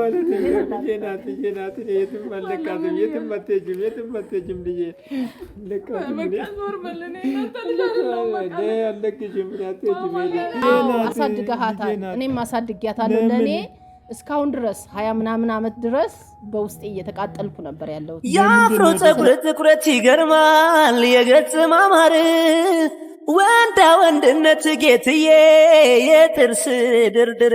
ማለት ልጄ ናት፣ ልጄ ናት። የትም አልለቃትም፣ የትም አትሄጂም፣ የትም አትሄጂም። ልጄ አልለቅሽም፣ አሳድገሃታል። እኔም አሳድጊያታለሁ። ለእኔ እስካሁን ድረስ ሀያ ምናምን ዓመት ድረስ በውስጤ እየተቃጠልኩ ነበር ያለሁት። የአፍሮ ፀጉር ትኩረት ይገርማል፣ የገጽ ማማር ወንዳ ወንድነት ጌትዬ የጥርስ ድርድር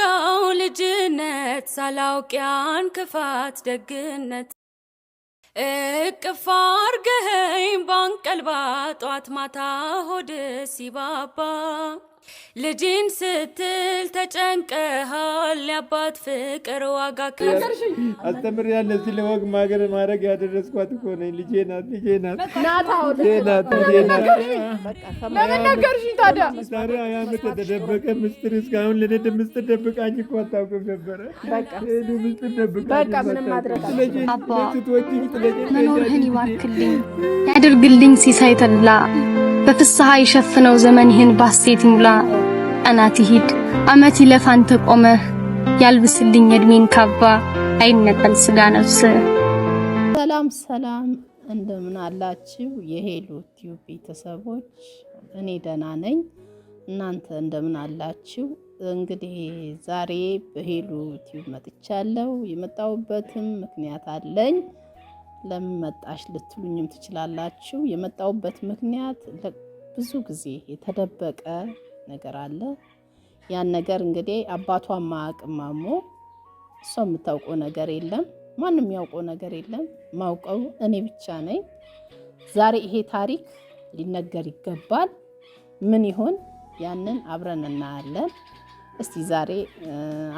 የምወደው ልጅነት ሳላውቅ ያን ክፋት ደግነት እቅፍ አርገኸኝ ባንቀልባ ጧት ማታ ሆድ ሲባባ ልጅን ስትል ተጨንቀሃል። ያባት ፍቅር ዋጋ አስተምር ያለ ስለ ወግ ማገር ማድረግ ያደረስኳት እኮ ነኝ። ልጄ ናት፣ ልጄ ናት፣ የተደበቀ ምስጢር እስካሁን ልንድ ምስጢር ደብቃኝ እኮ አታውቅም ነበረ። ይባርክልኝ ያድርግልኝ ሲሳይ ተድላ በፍስሐ ባሴት ይሙላ ቀናት ይሂድ አመት ይለፋን ተቆመ ያልብስልኝ እድሜን ካባ አይነቀል ስጋ ነፍስ። ሰላም ሰላም፣ እንደምን አላችሁ የሄሉ ቲዩብ ቤተሰቦች? እኔ ደህና ነኝ፣ እናንተ እንደምን አላችሁ? እንግዲህ ዛሬ በሄሉ ቲዩብ መጥቻለሁ። የመጣሁበትም ምክንያት አለኝ። ለምን መጣሽ ልትሉኝም ትችላላችሁ። የመጣሁበት ምክንያት ብዙ ጊዜ የተደበቀ ነገር አለ። ያን ነገር እንግዲህ አባቷ ማቅም እሷ የምታውቀው ነገር የለም፣ ማንም ያውቀው ነገር የለም። ማውቀው እኔ ብቻ ነኝ። ዛሬ ይሄ ታሪክ ሊነገር ይገባል። ምን ይሆን? ያንን አብረን እናያለን። እስቲ ዛሬ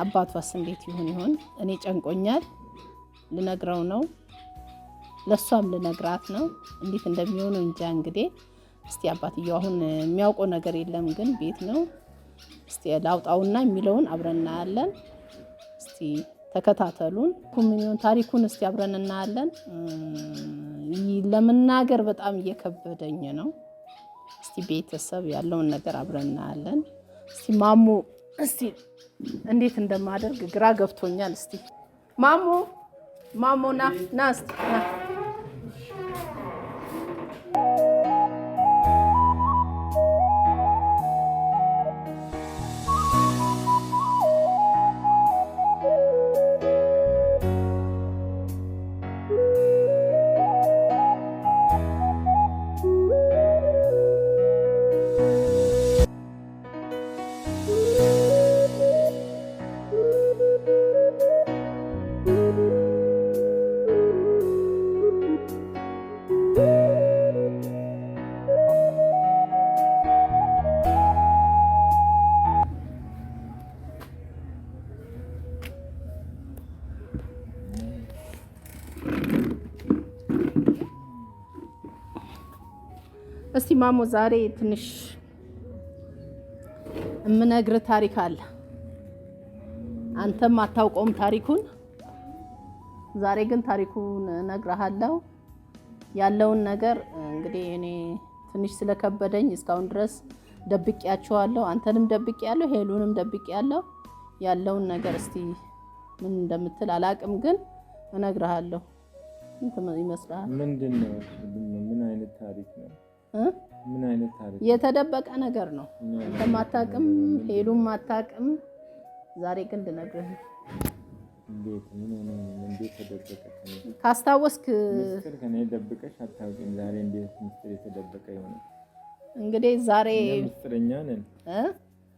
አባቷስ እንዴት ይሆን ይሆን? እኔ ጨንቆኛል፣ ልነግረው ነው፣ ለእሷም ልነግራት ነው። እንዴት እንደሚሆኑ እንጃ እንግዲህ እስቲ አባትየው አሁን የሚያውቀው ነገር የለም ግን ቤት ነው። እስቲ ላውጣውና የሚለውን አብረን እናያለን። እስቲ ተከታተሉን። ኮሚኒዮን ታሪኩን እስቲ አብረን እናያለን። ለመናገር በጣም እየከበደኝ ነው። እስቲ ቤተሰብ ያለውን ነገር አብረን እናያለን። እስቲ ማሞ እስቲ እንዴት እንደማደርግ ግራ ገብቶኛል። እስቲ ማሞ ማሞ ና ና እስቲ ና ማሞ ዛሬ ትንሽ የምነግር ታሪክ አለ። አንተም አታውቀውም ታሪኩን። ዛሬ ግን ታሪኩን እነግርሃለሁ። ያለውን ነገር እንግዲህ እኔ ትንሽ ስለከበደኝ እስካሁን ድረስ ደብቄያቸዋለሁ። አንተንም ደብቄያለሁ፣ ሄሉንም ደብቄያለሁ። ያለውን ነገር እስቲ ምን እንደምትል አላቅም፣ ግን እነግርሃለሁ። ይመስላል ምንድን ነው? ምን አይነት ታሪክ ነው? የተደበቀ ነገር ነው። ከማታቅም ሄዱም ማታቅም ዛሬ ግን ልነግርህ ካስታወስክ እንግዲህ ዛሬ ምስጥረኛ ነን፣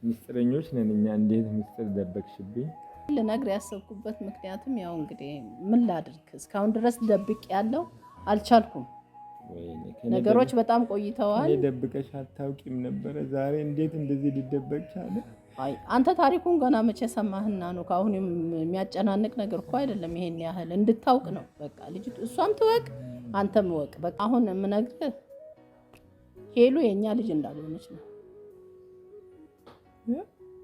ምስጥረኞች ነን እኛ። እንዴት ምስጥር ደበቅሽብኝ? ልነግር ያሰብኩበት ምክንያቱም ያው እንግዲህ ምን ላድርግ፣ እስካሁን ድረስ ደብቅ ያለው አልቻልኩም። ነገሮች በጣም ቆይተዋል። ደብቀሽ አታውቂም ነበረ። ዛሬ እንዴት እንደዚህ ሊደበቅ ቻለ? አይ አንተ ታሪኩን ገና መቼ ሰማህና ነው። ከአሁን የሚያጨናንቅ ነገር እኮ አይደለም። ይሄን ያህል እንድታውቅ ነው። በቃ ልጅ እሷም ትወቅ፣ አንተም ወቅ። በቃ አሁን የምነግርህ ሄሉ የእኛ ልጅ እንዳልሆነች ነው።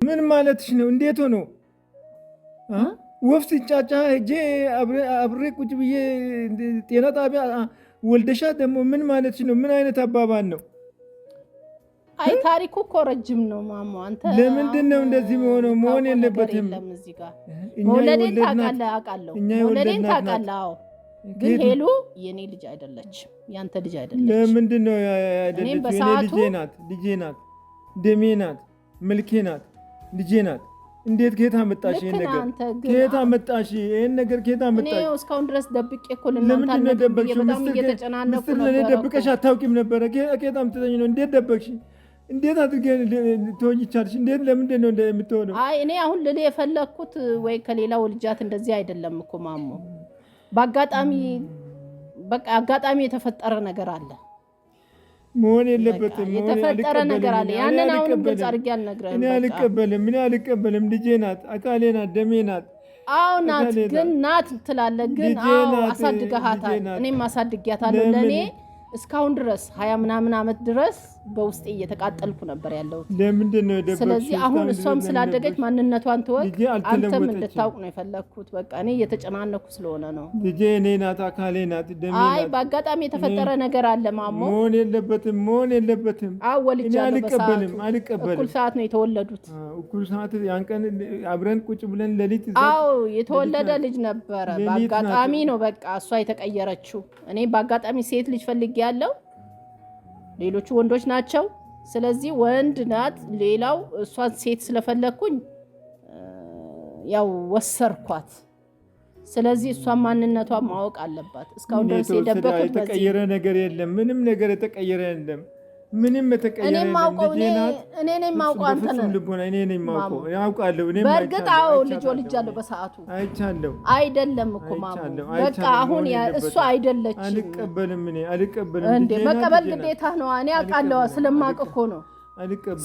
ምን ማለትሽ ነው? እንዴት ሆኖ ወፍ ሲጫጫ ሄጄ አብሬ ቁጭ ብዬ ጤና ጣቢያ ወልደሻ ደግሞ ምን ማለት ነው? ምን አይነት አባባል ነው? አይ ታሪኩ እኮ ረጅም ነው ማሞ። አንተ ለምንድን ነው እንደዚህ መሆነው? መሆን የለበትም። እኛ ታውቃለህ፣ አውቃለሁ። ታውቃለህ። ግን ሄሉ የኔ ልጅ አይደለችም፣ ያንተ ልጅ አይደለችም። ለምንድን ነው አይደለችም? ልጄ ናት፣ ልጄ ናት፣ ደሜ ናት፣ መልኬ ናት፣ ልጄ ናት። እንዴት ጌታ መጣሽ? ይሄን ነገር ጌታ መጣሽ? ይሄን ነገር ጌታ መጣሽ? እኔ እስካሁን ድረስ ደብቄ እኮ ለእናንተ ነው በጣም እየተጨናነኩ ነበር። ለኔ ደብቀሽ አታውቂም ነበረ። ጌታ ምትጠኝ ነው። እንዴት ደበቅሽ? እንዴት አድርገን ትሆኝ ቻልሽ? እንዴት ለምንድን ነው እንደ የምትሆነው? አይ እኔ አሁን ልል የፈለግኩት ወይ ከሌላው ልጃት እንደዚህ አይደለም እኮ ማሞ፣ በአጋጣሚ በቃ አጋጣሚ የተፈጠረ ነገር አለ መሆን የለበትም። የተፈጠረ ነገር አለ። ያንን አሁን ግልጽ አድርጌ አልነግረህም። እኔ አልቀበልም፣ እኔ አልቀበልም። ልጄ ናት፣ አካሌ ናት፣ ደሜ ናት። አዎ ናት፣ ግን ናት ትላለህ። ግን አዎ አሳድገሃታል፣ እኔም አሳድጊያታለሁ ለእኔ እስካሁን ድረስ ሀያ ምናምን ዓመት ድረስ በውስጤ እየተቃጠልኩ ነበር ያለሁት። ስለዚህ አሁን እሷም ስላደገች ማንነቷን ትወቅ፣ አንተም እንድታውቅ ነው የፈለግኩት። በቃ እኔ እየተጨናነኩ ስለሆነ ነው። ልጄ እኔ ናት፣ አካሌ ናት። አይ በአጋጣሚ የተፈጠረ ነገር አለ ማሞ። መሆን የለበትም መሆን የለበትም። ወልጃለሁ። በሰዓቱ እኩል ሰዓት ነው የተወለዱት። እኩል ሰዓት ያን ቀን አብረን ቁጭ ብለን ሌሊት። አዎ የተወለደ ልጅ ነበረ። በአጋጣሚ ነው በቃ እሷ የተቀየረችው። እኔ በአጋጣሚ ሴት ልጅ ፈልጌ ያለው ሌሎቹ ወንዶች ናቸው። ስለዚህ ወንድ ናት። ሌላው እሷን ሴት ስለፈለግኩኝ ያው ወሰርኳት። ስለዚህ እሷን ማንነቷ ማወቅ አለባት። እስካሁን ድረስ የደበቁት የተቀየረ ነገር የለም። ምንም ነገር የተቀየረ የለም። ምንም ተቀየረ። በእርግጥ አዎ ልጅ ወልጃለሁ በሰዓቱ አይቻለሁ። አይደለም እኮ ማሙ በቃ አሁን እሱ አይደለች አልቀበልም እኔ አልቀበልም። እንዴ መቀበል ግዴታ ነው። እኔ አውቃለሁ ስለማውቅ እኮ ነው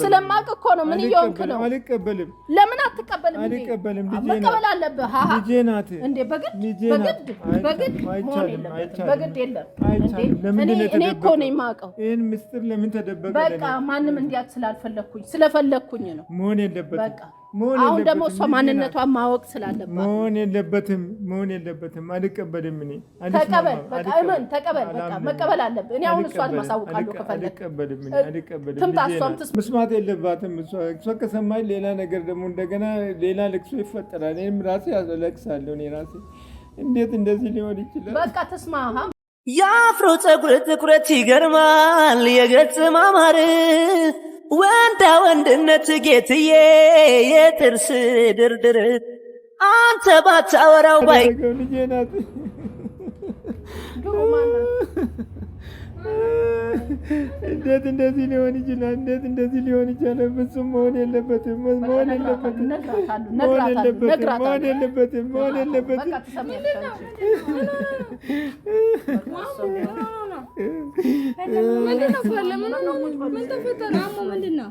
ስለማቅ እኮ ነው። ምን እየሆንክ ነው? አልቀበልም። ለምን አትቀበልም? አልቀበልም። መቀበል አለብህ። ልጄ ናት እንዴ? በግድ በግድ በግድ በግድ የለም። እኔ እኮ ነኝ የማውቀው። ይህን ምስጢር ለምን ተደበቀ? በቃ ማንም እንዲያውቅ ስላልፈለግኩኝ ስለፈለግኩኝ ነው። መሆን የለበትም። በቃ አሁን ደግሞ እሷ ማንነቷን ማወቅ ስላለባት መሆን የለበትም መሆን የለበትም። አልቀበልም። እኔ ተቀበል ተቀበል መቀበል አለብ እኔ አሁን እሷን ማሳውቃለሁ ከፈለግ ትምጣ። እሷም መስማት የለባትም። እሷ ከሰማኝ ሌላ ነገር ደግሞ እንደገና ሌላ ልቅሶ ይፈጠራል። እኔም ራሴ ያለቅሳለሁ። እኔ ራሴ እንዴት እንደዚህ ሊሆን ይችላል? በቃ ተስማ የአፍሮ ፀጉር ትኩረት ይገርማል። የገጽ ማማር ወንዳ ወንድነት ጌትዬ የጥርስ ድርድር አንተ ባታወራው ባይ እንዴት እንደዚህ ሊሆን ይችላል? እንዴት እንደዚህ ሊሆን ይችላል? ፍጹም መሆን የለበትም፣ መሆን የለበትም፣ መሆን የለበትም፣ መሆን የለበትም፣ መሆን የለበትም። ምንድን ነው? ምንድን ነው?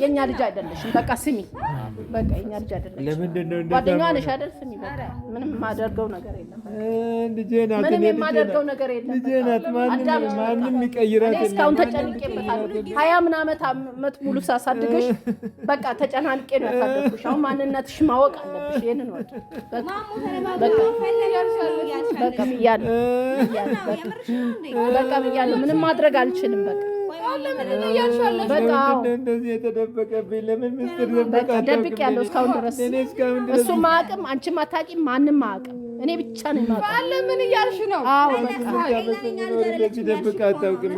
የኛ ልጅ አይደለሽም። በቃ ስሚ፣ በቃ የኛ ልጅ አይደለሽም። ለምንድን ነው ጓደኛዋ ነሽ አይደል? ስሚ፣ በቃ ምንም የማደርገው ነገር የለም። ልጄ ናት፣ ምንም የማደርገው ነገር የለም። ልጄ ናት፣ ማንም ይቀይራት። እስካሁን ተጨንቄበታለሁ። ሀያ ምን ዓመት ዓመት ሙሉ ሳሳድግሽ፣ በቃ ተጨናንቄ ነው ያሳደግኩሽ። አሁን ማንነትሽ ማወቅ አለብሽ። ይሄንን ወቅ በቃ በቃ ብያለሁ፣ በቃ ብያለሁ። ምንም ማድረግ አልችልም። በቃ እንደዚህ የተደበቀብኝ ለምን ምስጢር ደብቅ ያለው እስካሁን ድረስ እሱም አያውቅም፣ አንቺም አታውቂም፣ ማንም አያውቅም። እኔ ብቻ ነኝ ለምን እያልሽ ነው? ደብቅ አታውቅም።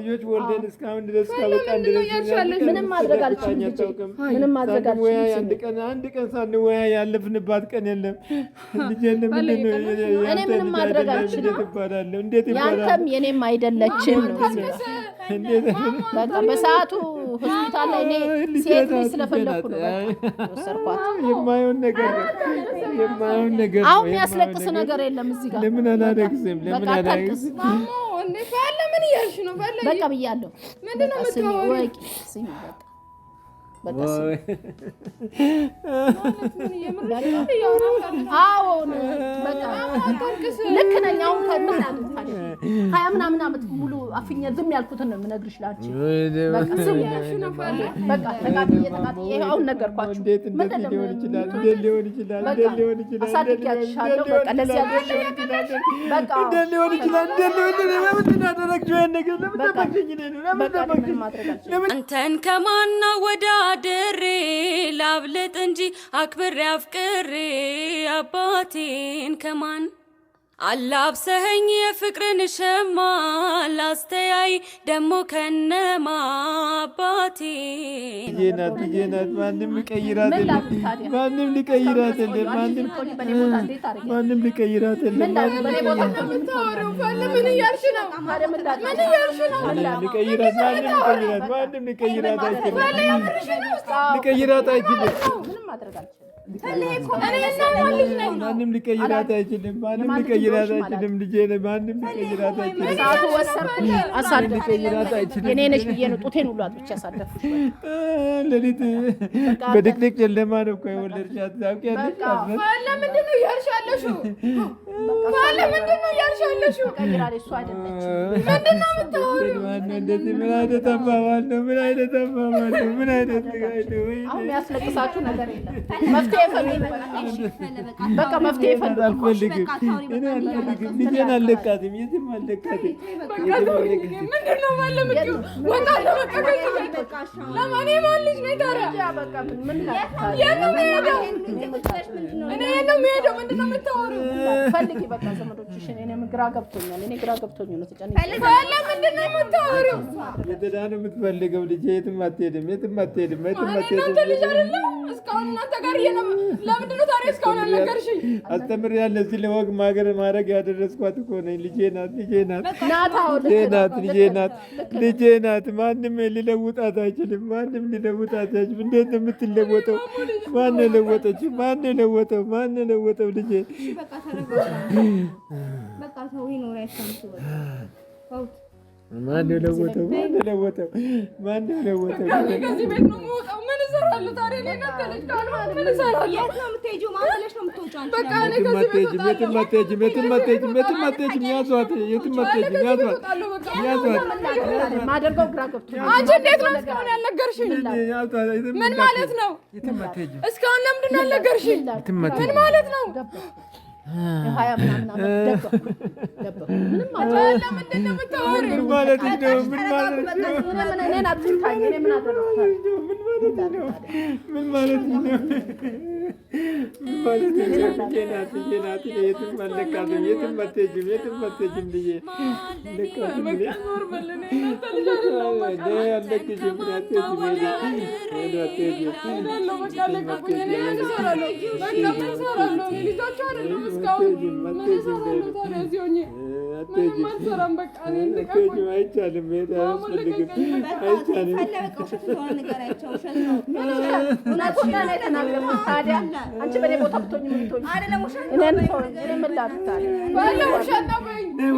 ልጆች ወልደን እስካሁን ድረስ ምንም ማድረግ አልችልም። ምንም ማድረግ አልችልም። አንድ ቀን ሳንወያይ ያለፍንባት ቀን የለም። ልጄን ምንድን ነው እኔ ምንም ማድረግ አልችልም። ያንተም የኔም አይደለችም ነው በቃ በሰዓቱ ሆስፒታል ላይ እኔ ሴት ልጅ ስለፈለኩ ነው ወሰድኳት። ነገር የማይሆን ነገር አሁን የሚያስለቅስ ነገር የለም እዚህ ጋር ለምን አላለቅስም? ለምን አላለቅስም? በቃ ብያለሁ። ምንድን ነው ስሚ በቃ ልክ ነኝ። አሁን አመት ሀያ ምናምን አመት ሙሉ አፍኜ ዝም ያልኩትን ነው የምነግርሽ። ላንቺ አሁን ነገርኳችሁ። ወዳ አድሬ ላብለጥ እንጂ አክብሬ አፍቅሬ አባቴን ከማን አላብሰኸኝ የፍቅርን ሸማ ላስተያይ ደሞ ከነማ አባቴ ናት ናት። ማንም ማንም ማንም አይችልም። ማንም ሊቀይራት አይችልም። ማንም ሊቀይራት አይችልም። ልጄ ነህ። ማንም ሊቀይራት አይችልም። የእኔ ነሽ ብዬሽ ነው ጡቴን ሁሉ አጥብቼ ያሳደፍኩት። ሌሊት በድቅድቅ ጨለማ ነው እኮ የወለድሻት። ታውቂያለሽ። ለምንድን ነው እያልሻለሽው? ምን አይነት አባባል ነው? ምን አይነት አባባል ነው? ምን አይነት ነገር የለም መፍትሄ ፈልጊ በቃ ዘመዶችሽን። እኔ ግራ ገብቶኛል፣ እኔ ግራ ገብቶኛል አስተምር ያለ እስካሁን እዚህ ለወግ ማገር ማድረግ ያደረስኳት እኮ ነኝ። ልጄ ናት፣ ልጄ ናት፣ ልጄ ናት፣ ልጄ ናት፣ ማንም ሊለውጣት አይችልም። ማንም ሊለውጣት አይችልም። እንዴት ነው የምትለወጠው? ማን ለወጠችው? ማን ለወጠው? ማን ለወጠው? ልጄ በቃ ተረጋጋ። በቃ ሰው ይኖር ያሳምጡ ማን የለወጠው? ማን የለወጠው? ማን የለወጠው? ከዚህ ቤት ነው የምወጣው። ምን እሰራለሁ ታዲያ? እኔ ነበረች ካልሆነ ምን እሰራለሁ? የት ነው የምትሄጂው? ማን ብለሽ ነው የምትወጪው? በቃ እኔ ከዚህ ቤት እወጣለሁ። የትም አትሄጂም፣ የትም አትሄጂም፣ የትም አትሄጂም። ያዟት፣ የትም አትሄጂም። ያዟት፣ ያዟት። ማደርገው ግራ ገብቶኛል። አንቺ እንዴት ነው እስካሁን ያልነገርሽኝ? ምን ማለት ነው? እስካሁን ለምንድን ነው ያልነገርሽኝ? ምን ማለት ነው? ሀያ ምናምን ዓመት ደበኩ ደበኩ። ምንም ምንድን ነው የምታወሪው? ምን ማለት ነው? ምን ማለት ነው? እኔን አትንካኝ። እኔ ምን አደረግኩኝ? ምን ማለት ነው? ምን ማለት ነው?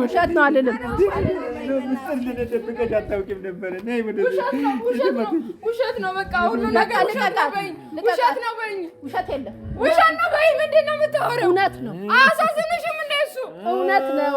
ውሸት ነው አልልም። ውሸት ነው በቃ ውሸት ነው በይኝ። ውሸት የለም ውሸት ነው የምታወራው? እውነት ነው። አሳዝንሽም እንደሱ እውነት ነው።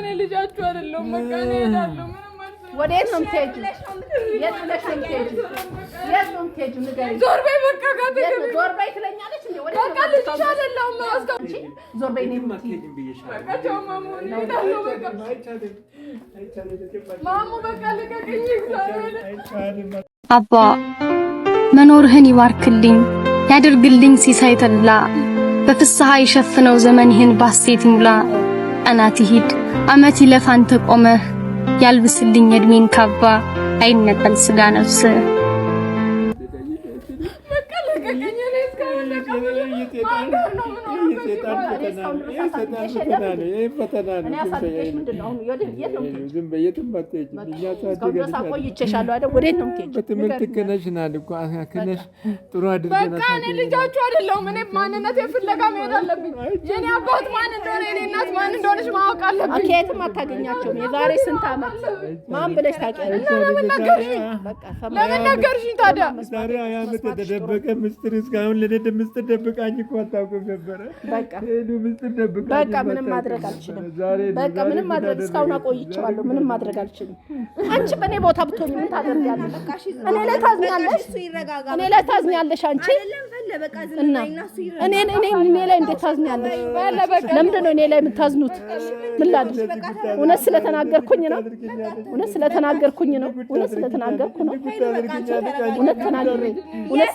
እኔ ልጃችሁ አይደለሁም። በቃ እሄዳለሁ። ነው የምትሄጂው? የት ብለሽ ነው የምትሄጂው? የት ነው የምትሄጂው? ንገሪኝ። ዞር በይ በቃ። ዞር በይ ትለኛለች። ማሙ፣ በቃ ልቀቅኝ። አባ መኖርህን ይባርክልኝ ያድርግልኝ ሲሳይ በፍስሐ ዘመን ይህን ባሴት ይሙላ ቀናት ይሂድ ዓመት ይለፋን ተቆመህ ያልብስልኝ እድሜን ካባ አይነቀል ስጋ ነፍስህ ልጃችሁ አይደለሁም። እኔ ማንነቴ ፍለጋ መሄድ አለብኝ። የኔ አባት ማን እንደሆነ፣ የኔ እናት ማን እንደሆነች ማወቅ አለብኝ። ከየትም አታገኛቸውም። የዛሬ ስንት ዓመት ማን ብለሽ ታውቂያለሽ? ለምን ነገርሽኝ ታዲያ? ምስጢር እስካሁን ለደደ ምስጢር ምስጢር ደብቃኝ እኮ አታውቅም ነበረ። በቃ ምንም ማድረግ አልችልም። በቃ ምንም ማድረግ እስካሁን አቆይቼዋለሁ። ምንም ማድረግ አልችልም። አንቺ በእኔ ቦታ ብትሆኝ ምን ታደርጊያለሽ? እኔ ላይ ታዝኛለሽ፣ እኔ ላይ ታዝኛለሽ። አንቺ እና እኔ እኔ ላይ እንዴት ታዝኛለሽ? ለምንድን ነው እኔ ላይ የምታዝኑት? ምን ላድርግ? እውነት ስለተናገርኩኝ ነው። እውነት ስለተናገርኩኝ ነው። እውነት ስለተናገርኩ ነው። እውነት ተናግሬ እውነት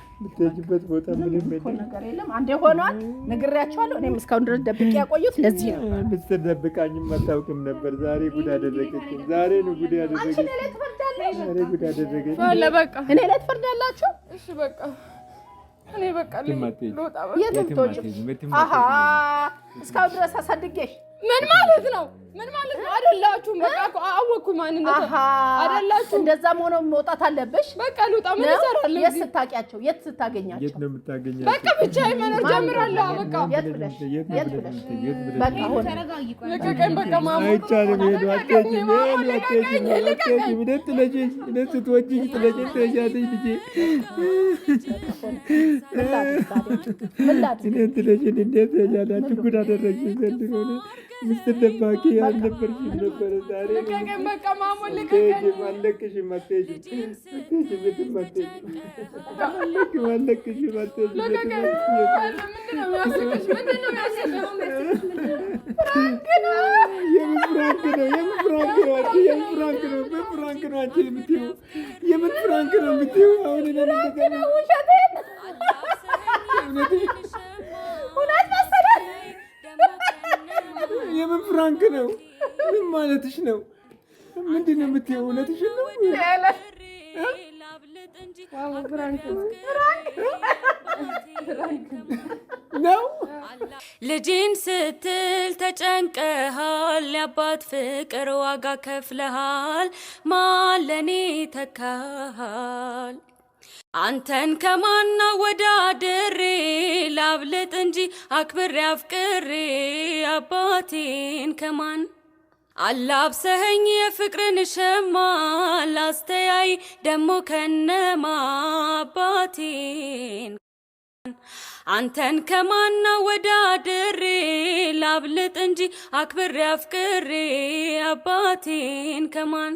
የምትሄጂበት ቦታ ምንም ነገር የለም። አንዴ ሆኗል፣ ነግሬያቸዋለሁ። እኔም እስካሁን ድረስ ደብቄ ያቆዩት ለዚህ ነው። ደብቃኝም አታውቅም ነበር። ዛሬ ጉድ አደረገችኝ። ዛሬ ነው ጉድ ያደረገችኝ። ጉድ አደረገችኝ። እኔ ላይ ትፈርዳላችሁ። እሺ በቃ እኔ በቃ ልወጣ። የትም ትወጪ። እስካሁን ድረስ አሳድጌሽ ምን ማለት ነው? ምን ማለት ነው? አይደላችሁም። በቃ አወኩኝ ማንነት አይደላችሁም። እንደዛም ሆኖ መውጣት አለብሽ። በቃ ልውጣ። ምን እሰራለሁ? የት ስታውቂያቸው? የት ስታገኛቸው? የት ነው የምታገኛቸው? በቃ ብቻዬን መኖር ጀምራለሁ። በቃ የት ብለሽ የት ብለሽ በቃ ሆነ። ልቀቀኝ። በቃ ማሙ አይቻልም። ይሄዱ አትሄጂ፣ ልቀቀኝ። ምን ትለጂኝ? ምን ስትወጂኝ ትለጂኝ? ትሄጃለሽ ልጄ። ምን ትለጂኝ? እንዴት ትሄጃላችሁ? ጉድ አደረግሽ ዘንድሮ ነው ሚስትር ደባቂ አልነበርሽም ነበረ። ዛሬ አለቅሽም አትሄጂም፣ አትሄጂም፣ አትሄጂም፣ አለቅሽም አትሄጂም የምን ፍራንክ ነው? ምን ማለትሽ ነው? ምንድን ነው የምትይው? እውነትሽን ነው? ነው ልጅን ስትል ተጨንቀሃል፣ ያባት ፍቅር ዋጋ ከፍለሃል፣ ማለኔ ተካሃል አንተን ከማና ወዳድሬ ላብለጥ እንጂ አክብሬ አፍቅሬ አባቴን ከማን አላብሰኸኝ የፍቅርን ሸማ ላስተያይ ደሞ ከነማ አባቴን አንተን ከማና ወዳድሬ ላብልጥ እንጂ አክብሬ አፍቅሬ አባቴን ከማን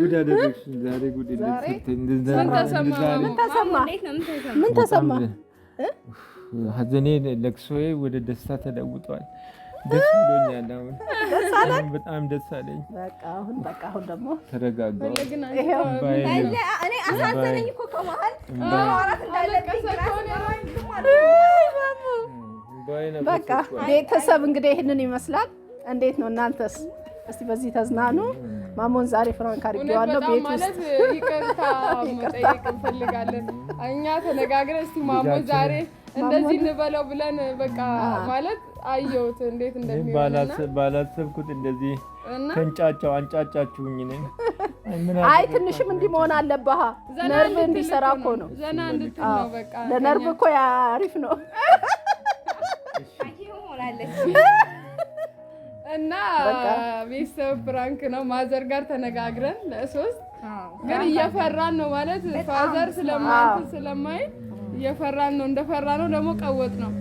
ጉድ አደረግሽኝ። ዛሬ ጉድ ምን ተሰማ? ሐዘኔ ለቅሶዬ ወደ ደስታ ተለውጧል። ደስ ብሎኛል። አሁን በጣም ደስ አለኝ። ተረጋጋሁ። በቃ ቤተሰብ እንግዲህ ይህንን ይመስላል። እንዴት ነው እናንተስ? እስቲ በዚህ ተዝናኑ። ማሞን ዛሬ ፍራንክ አድርጌዋለሁ። ቤት ውስጥ ይቅርታ መጠየቅ እንፈልጋለን። እኛ ተነጋግረን እስቲ ማሞ ዛሬ እንደዚህ እንበለው ብለን በቃ ማለት አየሁት እንዴት እንደሚሆን ባላሰብኩት እንደዚህ ከንጫጫው አንጫጫችሁኝ። ነኝ አይ ትንሽም እንዲህ መሆን አለብህ። ነርቭ እንዲሰራ እኮ ነው። ዘና እንድትል ነው በቃ። ለነርቭ እኮ አሪፍ ነው። እና ቤተሰብ ፕራንክ ነው። ማዘር ጋር ተነጋግረን ለሶስት ግን እየፈራን ነው ማለት ፋዘር ስለማንት ስለማይ እየፈራን ነው። እንደፈራ ነው ደግሞ ቀወጥ ነው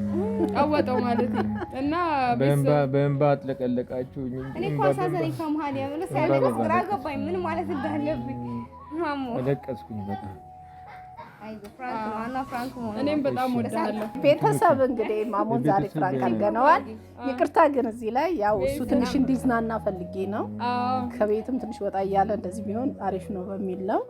ቀወጠው ማለት ነው። እና በእንባ አጥለቀለቃችሁ። እኔ እኮ አሳዘነኝ ከመሀል ያምነ ሳይለቀስ ግራ ገባኝ። ምን ማለት እንዳለብኝ ለቀስኩኝ በጣም እኔም በጣም ወዳለሁ። ቤተሰብ እንግዲህ ማሞን ዛሬ ፍራንክ አድርገነዋል። ይቅርታ ግን እዚህ ላይ ያው እሱ ትንሽ እንዲዝናና ፈልጌ ነው። ከቤትም ትንሽ ወጣ እያለ እንደዚህ ቢሆን አሪፍ ነው በሚል ነው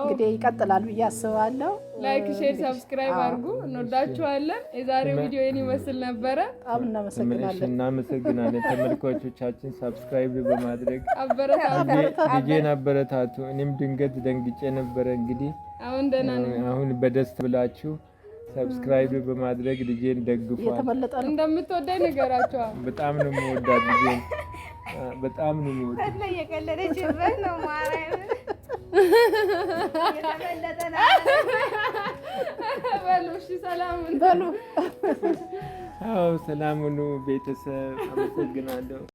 እንግዲህ ይቀጥላል ብዬ አስባለሁ። ላይክ፣ ሼር፣ ሰብስክራይብ አድርጉ። እንወዳችኋለን። የዛሬ ቪዲዮ ይህን ይመስል ነበረ። በጣም እናመሰግናለን። እናመሰግናለን ተመልካቾቻችን፣ ሰብስክራይብ በማድረግ አበረታቱ፣ ልጄን አበረታቱ። እኔም ድንገት ደንግጬ ነበረ እንግዲህ አሁን በደስታ ብላችሁ ሰብስክራይብ በማድረግ ልጄን ደግፏል። እንደምትወደኝ ነገራቸዋል። በጣም ነው የምወዳት ልጄን፣ በጣም ነው የምወዳት። ሰላም ሁኑ ቤተሰብ። አመሰግናለሁ።